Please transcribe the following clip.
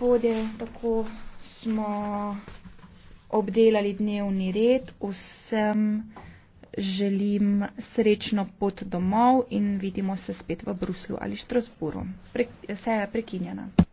gospodje, tako smo obdelali dnevni red. Vsem želim srečno pot domov in vidimo se spet v Bruslu ali Štrasburu. Pre, vse je prekinjena.